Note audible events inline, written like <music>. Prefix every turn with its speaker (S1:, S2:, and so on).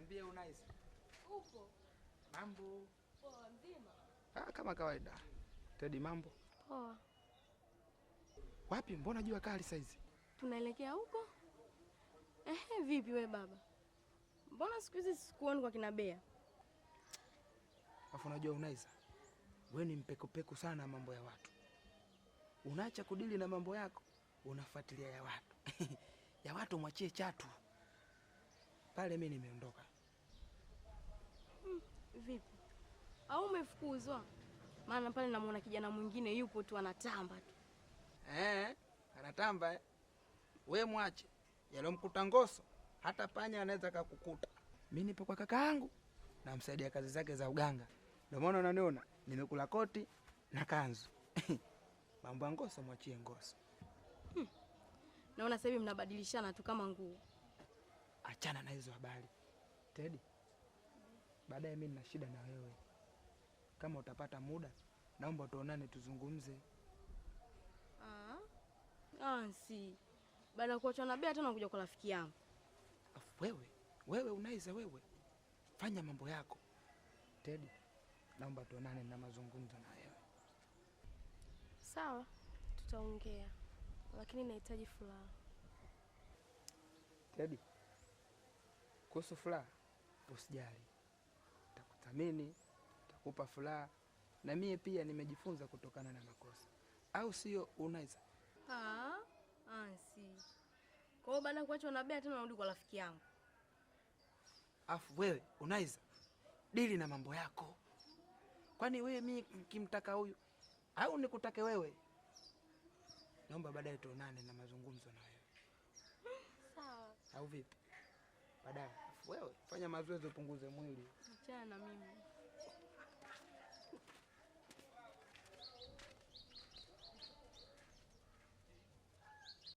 S1: Niambie unaisi. Upo. Mambo.
S2: Poa mzima.
S1: Ah, kama kawaida. tedi mambo. Poa. Wapi mbona jua kali saizi?
S2: Tunaelekea huko. Ehe, vipi we baba? Mbona siku hizi sikuoni kwa kina Bea?
S1: Alafu unajua unaisa. Wewe ni mpekopeko sana mambo ya watu. Unaacha kudili na mambo yako, unafuatilia ya watu. <laughs> ya watu mwachie chatu. Pale mimi nimeondoka.
S2: Vipi, au umefukuzwa? Maana pale namuona kijana mwingine yupo tu anatamba tu.
S1: Eh, anatamba eh. We mwache yalomkuta Ngoso, hata panya anaweza kakukuta. Mi nipo kwa kakaangu namsaidia kazi zake za uganga, ndio maana unaniona nimekula koti na kanzu <laughs> mambo ya Ngoso mwachie Ngoso.
S2: Hmm. Naona sasa hivi mnabadilishana tu kama nguo.
S1: Achana na hizo habari Tedi baadaye mi nina shida na wewe. Kama utapata muda, naomba tuonane tuzungumze.
S2: Ah, ansi ah, baada ya kuacha nabia tena kuja kwa rafiki yangu.
S1: Afu wewe wewe unaiza wewe, fanya mambo yako. tedi naomba tuonane na mazungumzo na wewe.
S2: Sawa, tutaongea, lakini nahitaji furaha.
S1: tedi kuhusu furaha usijali, nitamthamini, takupa furaha. Na mie pia nimejifunza kutokana na makosa, au sio? Unaweza
S2: ansi hiyo baada ya kuacha nabea tena narudi kwa rafiki yangu.
S1: Afu wewe unaweza dili na mambo yako, kwani wewe mi kimtaka huyu au nikutake wewe? Naomba baadaye tuonane na mazungumzo na
S2: wewe, sawa
S1: au vipi? baadaye. Wewe fanya mazoezi upunguze mwili.
S2: Achana na mimi.